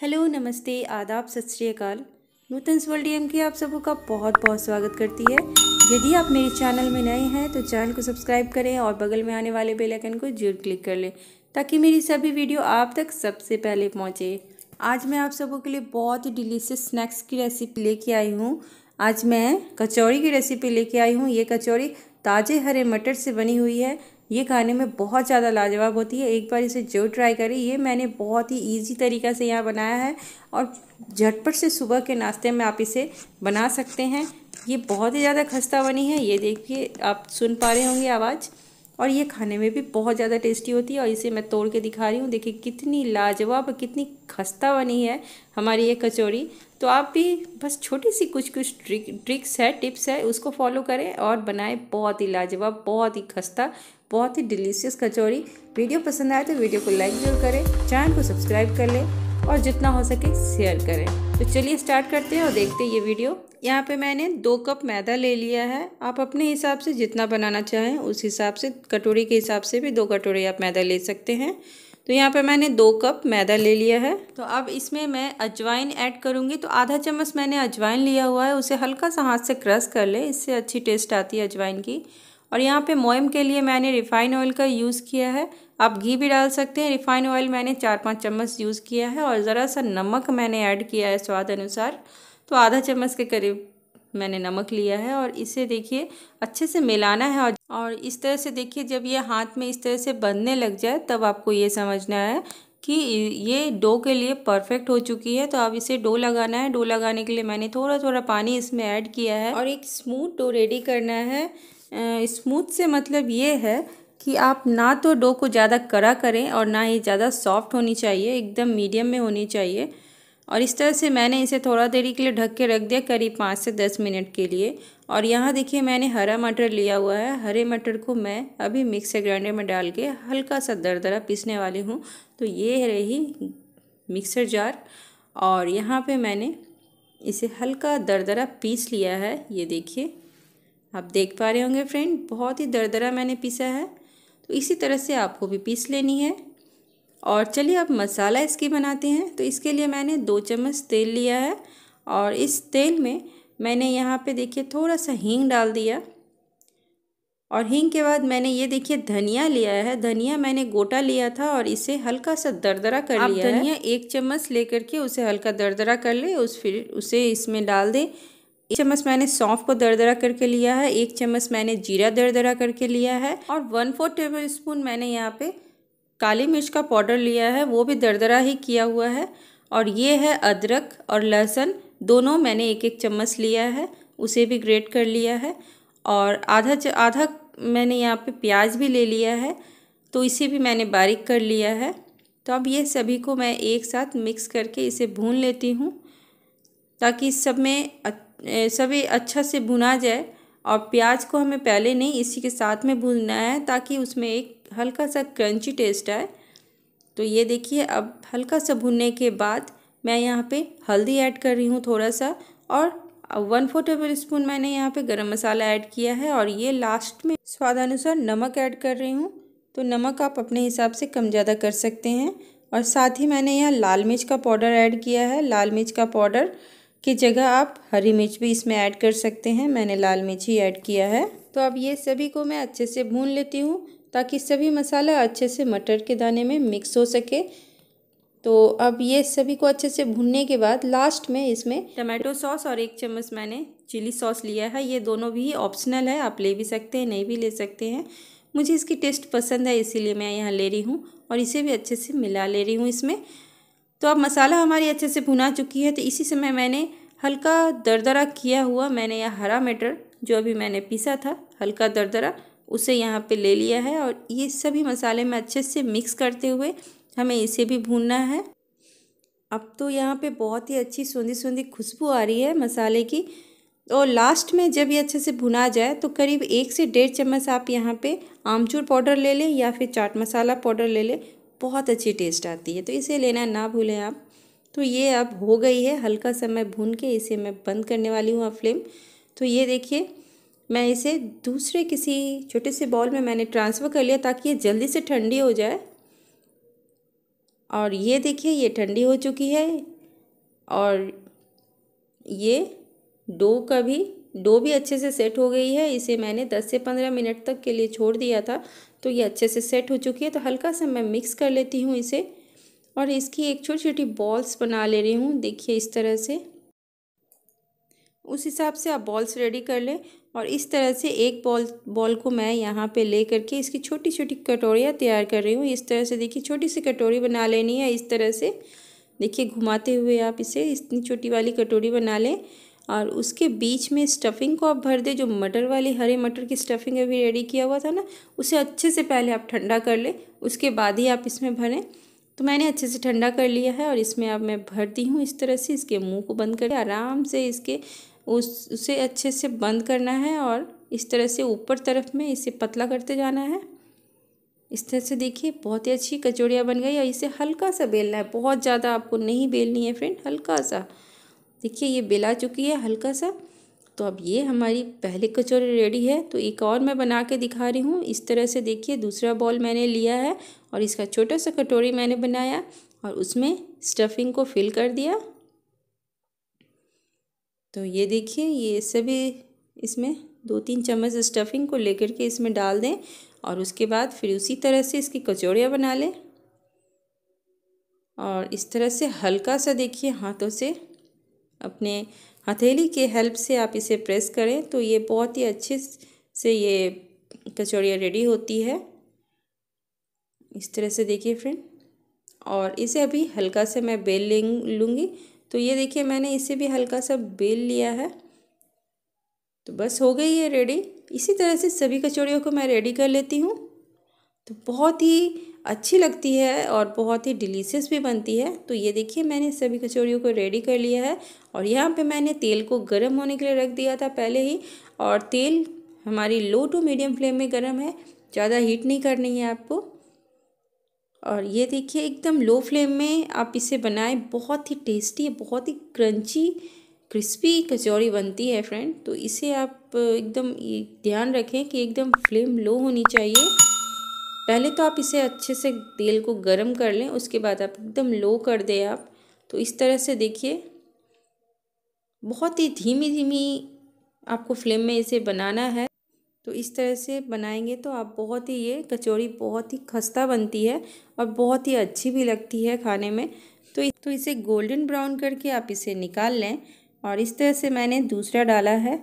hello नमस्ते आदाब सत श्रीकाल नूतन स्वर्ल डी के आप सबों का बहुत बहुत स्वागत करती है यदि आप मेरे चैनल में नए हैं तो चैनल को सब्सक्राइब करें और बगल में आने वाले बेल आइकन को जरूर क्लिक कर लें ताकि मेरी सभी वीडियो आप तक सबसे पहले पहुंचे आज मैं आप सबों के लिए बहुत ही डिलीशियस स्नैक्स की रेसिपी लेके आई हूँ आज मैं कचौड़ी की रेसिपी लेके आई हूँ ये कचौड़ी ताज़े हरे मटर से बनी हुई है ये खाने में बहुत ज़्यादा लाजवाब होती है एक बार इसे जो ट्राई करें ये मैंने बहुत ही ईजी तरीका से यहाँ बनाया है और झटपट से सुबह के नाश्ते में आप इसे बना सकते हैं ये बहुत ही ज़्यादा खस्ता बनी है ये देखिए आप सुन पा रहे होंगे आवाज़ और ये खाने में भी बहुत ज़्यादा टेस्टी होती है और इसे मैं तोड़ के दिखा रही हूँ देखिए कितनी लाजवाब कितनी खस्ता बनी है हमारी ये कचौड़ी तो आप भी बस छोटी सी कुछ कुछ ट्रिक ट्रिक्स है टिप्स है उसको फॉलो करें और बनाएं बहुत ही लाजवाब बहुत ही खस्ता बहुत ही डिलीशियस कचौरी वीडियो पसंद आए तो वीडियो को लाइक जरूर करें चैनल को सब्सक्राइब कर लें और जितना हो सके शेयर करें तो चलिए स्टार्ट करते हैं और देखते हैं ये वीडियो यहाँ पे मैंने दो कप मैदा ले लिया है आप अपने हिसाब से जितना बनाना चाहें उस हिसाब से कटोरी के हिसाब से भी दो कटोरी आप मैदा ले सकते हैं तो यहाँ पे मैंने दो कप मैदा ले लिया है तो अब इसमें मैं अजवाइन ऐड करूँगी तो आधा चम्मच मैंने अजवाइन लिया हुआ है उसे हल्का सा हाथ से क्रश कर ले इससे अच्छी टेस्ट आती है अजवाइन की और यहाँ पे मोयम के लिए मैंने रिफ़ाइन ऑयल का यूज़ किया है आप घी भी डाल सकते हैं रिफ़ाइन ऑयल मैंने चार पाँच चम्मच यूज़ किया है और ज़रा सा नमक मैंने ऐड किया है स्वाद अनुसार तो आधा चम्मच के करीब मैंने नमक लिया है और इसे देखिए अच्छे से मिलाना है और इस तरह से देखिए जब ये हाथ में इस तरह से बंधने लग जाए तब आपको ये समझना है कि ये डो के लिए परफेक्ट हो चुकी है तो अब इसे डो लगाना है डो लगाने के लिए मैंने थोड़ा थोड़ा पानी इसमें ऐड किया है और एक स्मूथ डो रेडी करना है स्मूथ से मतलब ये है कि आप ना तो डो को ज़्यादा कड़ा करें और ना ये ज़्यादा सॉफ्ट होनी चाहिए एकदम मीडियम में होनी चाहिए और इस तरह से मैंने इसे थोड़ा देरी के लिए ढक के रख दिया करीब पाँच से दस मिनट के लिए और यहाँ देखिए मैंने हरा मटर लिया हुआ है हरे मटर को मैं अभी मिक्सर ग्राइंडर में डाल के हल्का सा दरदरा पीसने वाली हूँ तो ये रही मिक्सर जार और यहाँ पे मैंने इसे हल्का दरदरा पीस लिया है ये देखिए आप देख पा रहे होंगे फ्रेंड बहुत ही दरदरा मैंने पीसा है तो इसी तरह से आपको भी पीस लेनी है और चलिए अब मसाला इसकी बनाते हैं तो इसके लिए मैंने दो चम्मच तेल लिया है और इस तेल में मैंने यहाँ पे देखिए थोड़ा सा हींग डाल दिया और हींग के बाद मैंने ये देखिए धनिया लिया है धनिया मैंने गोटा लिया था और इसे हल्का सा दरदरा कर आप लिया धनिया एक चम्मच लेकर के उसे हल्का दरदरा कर ले उस फिर उसे इसमें डाल दें एक चम्मच मैंने सौंफ को दरदरा करके लिया है एक चम्मच मैंने जीरा दरदरा करके लिया है और वन फोर टेबल स्पून मैंने यहाँ पे काली मिर्च का पाउडर लिया है वो भी दरदरा ही किया हुआ है और ये है अदरक और लहसुन दोनों मैंने एक एक चम्मच लिया है उसे भी ग्रेट कर लिया है और आधा आधा मैंने यहाँ पर प्याज भी ले लिया है तो इसे भी मैंने बारीक कर लिया है तो अब ये सभी को मैं एक साथ मिक्स करके इसे भून लेती हूँ ताकि सब में सभी अच्छा से भुना जाए और प्याज को हमें पहले नहीं इसी के साथ में भूनना है ताकि उसमें एक हल्का सा क्रंची टेस्ट आए तो ये देखिए अब हल्का सा भुनने के बाद मैं यहाँ पे हल्दी ऐड कर रही हूँ थोड़ा सा और वन फोर टेबल स्पून मैंने यहाँ पे गरम मसाला ऐड किया है और ये लास्ट में स्वादानुसार नमक ऐड कर रही हूँ तो नमक आप अपने हिसाब से कम ज़्यादा कर सकते हैं और साथ ही मैंने यहाँ लाल मिर्च का पाउडर ऐड किया है लाल मिर्च का पाउडर की जगह आप हरी मिर्च भी इसमें ऐड कर सकते हैं मैंने लाल मिर्च ही ऐड किया है तो अब ये सभी को मैं अच्छे से भून लेती हूँ ताकि सभी मसाला अच्छे से मटर के दाने में मिक्स हो सके तो अब ये सभी को अच्छे से भूनने के बाद लास्ट में इसमें टमाटो सॉस और एक चम्मच मैंने चिली सॉस लिया है ये दोनों भी ऑप्शनल है आप ले भी सकते हैं नहीं भी ले सकते हैं मुझे इसकी टेस्ट पसंद है इसीलिए मैं यहाँ ले रही हूँ और इसे भी अच्छे से मिला ले रही हूँ इसमें तो अब मसाला हमारी अच्छे से भुना चुकी है तो इसी समय मैंने हल्का दरदरा किया हुआ मैंने यह हरा मटर जो अभी मैंने पीसा था हल्का दरदरा उसे यहाँ पे ले लिया है और ये सभी मसाले में अच्छे से मिक्स करते हुए हमें इसे भी भूनना है अब तो यहाँ पे बहुत ही अच्छी सोंधी सोंधी खुशबू आ रही है मसाले की और लास्ट में जब ये अच्छे से भुना जाए तो करीब एक से डेढ़ चम्मच आप यहाँ पे आमचूर पाउडर ले लें या फिर चाट मसाला पाउडर ले लें बहुत अच्छी टेस्ट आती है तो इसे लेना ना भूलें आप तो ये अब हो गई है हल्का सा मैं भून के इसे मैं बंद करने वाली हूँ अब फ्लेम तो ये देखिए मैं इसे दूसरे किसी छोटे से बॉल में मैंने ट्रांसफ़र कर लिया ताकि ये जल्दी से ठंडी हो जाए और ये देखिए ये ठंडी हो चुकी है और ये डो का भी डो भी अच्छे से सेट हो गई है इसे मैंने 10 से 15 मिनट तक के लिए छोड़ दिया था तो ये अच्छे से सेट हो चुकी है तो हल्का सा मैं मिक्स कर लेती हूँ इसे और इसकी एक छोटी छोटी बॉल्स बना ले रही हूँ देखिए इस तरह से उस हिसाब से आप बॉल्स रेडी कर लें और इस तरह से एक बॉल बॉल को मैं यहाँ पे ले करके इसकी छोटी छोटी कटोरियाँ तैयार कर रही हूँ इस तरह से देखिए छोटी सी कटोरी बना लेनी है इस तरह से देखिए घुमाते हुए आप इसे इतनी छोटी वाली कटोरी बना लें और उसके बीच में स्टफिंग को आप भर दे जो मटर वाली हरे मटर की स्टफिंग अभी रेडी किया हुआ था ना उसे अच्छे से पहले आप ठंडा कर लें उसके बाद ही आप इसमें भरें तो मैंने अच्छे से ठंडा कर लिया है और इसमें अब मैं भरती हूँ इस तरह से इसके मुंह को बंद कर आराम से इसके उस उसे अच्छे से बंद करना है और इस तरह से ऊपर तरफ में इसे पतला करते जाना है इस तरह से देखिए बहुत ही अच्छी कचौड़ियाँ बन गई और इसे हल्का सा बेलना है बहुत ज़्यादा आपको नहीं बेलनी है फ्रेंड हल्का सा देखिए ये बेला चुकी है हल्का सा तो अब ये हमारी पहली कचौरी रेडी है तो एक और मैं बना के दिखा रही हूँ इस तरह से देखिए दूसरा बॉल मैंने लिया है और इसका छोटा सा कटोरी मैंने बनाया और उसमें स्टफिंग को फिल कर दिया तो ये देखिए ये सभी इसमें दो तीन चम्मच स्टफिंग को लेकर के इसमें डाल दें और उसके बाद फिर उसी तरह से इसकी कचौड़ियाँ बना लें और इस तरह से हल्का सा देखिए हाथों से अपने हथेली के हेल्प से आप इसे प्रेस करें तो ये बहुत ही अच्छे से ये कचौड़ियाँ रेडी होती है इस तरह से देखिए फ्रेंड और इसे अभी हल्का से मैं बेल ले लूँगी तो ये देखिए मैंने इसे भी हल्का सा बेल लिया है तो बस हो गई है रेडी इसी तरह से सभी कचौड़ियों को मैं रेडी कर लेती हूँ तो बहुत ही अच्छी लगती है और बहुत ही डिलीशियस भी बनती है तो ये देखिए मैंने सभी कचौड़ियों को रेडी कर लिया है और यहाँ पे मैंने तेल को गर्म होने के लिए रख दिया था पहले ही और तेल हमारी लो टू मीडियम फ्लेम में गर्म है ज़्यादा हीट नहीं करनी है आपको और ये देखिए एकदम लो फ्लेम में आप इसे बनाएं बहुत ही टेस्टी बहुत ही क्रंची क्रिस्पी कचौड़ी बनती है फ्रेंड तो इसे आप एकदम ध्यान रखें कि एकदम फ्लेम लो होनी चाहिए पहले तो आप इसे अच्छे से तेल को गर्म कर लें उसके बाद आप एकदम लो कर दें आप तो इस तरह से देखिए बहुत ही धीमी धीमी आपको फ्लेम में इसे बनाना है तो इस तरह से बनाएंगे तो आप बहुत ही ये कचौड़ी बहुत ही खस्ता बनती है और बहुत ही अच्छी भी लगती है खाने में तो तो इसे गोल्डन ब्राउन करके आप इसे निकाल लें और इस तरह से मैंने दूसरा डाला है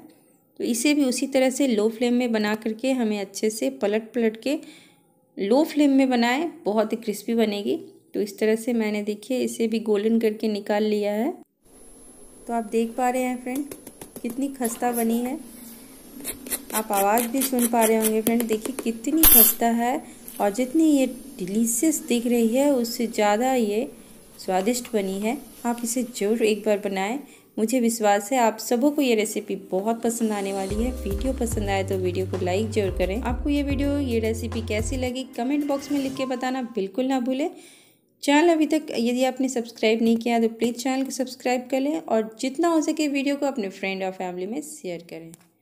तो इसे भी उसी तरह से लो फ्लेम में बना करके हमें अच्छे से पलट पलट के लो फ्लेम में बनाएं बहुत ही क्रिस्पी बनेगी तो इस तरह से मैंने देखिए इसे भी गोल्डन करके निकाल लिया है तो आप देख पा रहे हैं फ्रेंड कितनी खस्ता बनी है आप आवाज़ भी सुन पा रहे होंगे फ्रेंड देखिए कितनी खस्ता है और जितनी ये डिलीशियस दिख रही है उससे ज़्यादा ये स्वादिष्ट बनी है आप इसे ज़रूर एक बार बनाएं मुझे विश्वास है आप सबों को ये रेसिपी बहुत पसंद आने वाली है वीडियो पसंद आए तो वीडियो को लाइक जरूर करें आपको ये वीडियो ये रेसिपी कैसी लगी कमेंट बॉक्स में लिख के बताना बिल्कुल ना भूलें चैनल अभी तक यदि आपने सब्सक्राइब नहीं किया तो प्लीज़ चैनल को सब्सक्राइब कर लें और जितना हो सके वीडियो को अपने फ्रेंड और फैमिली में शेयर करें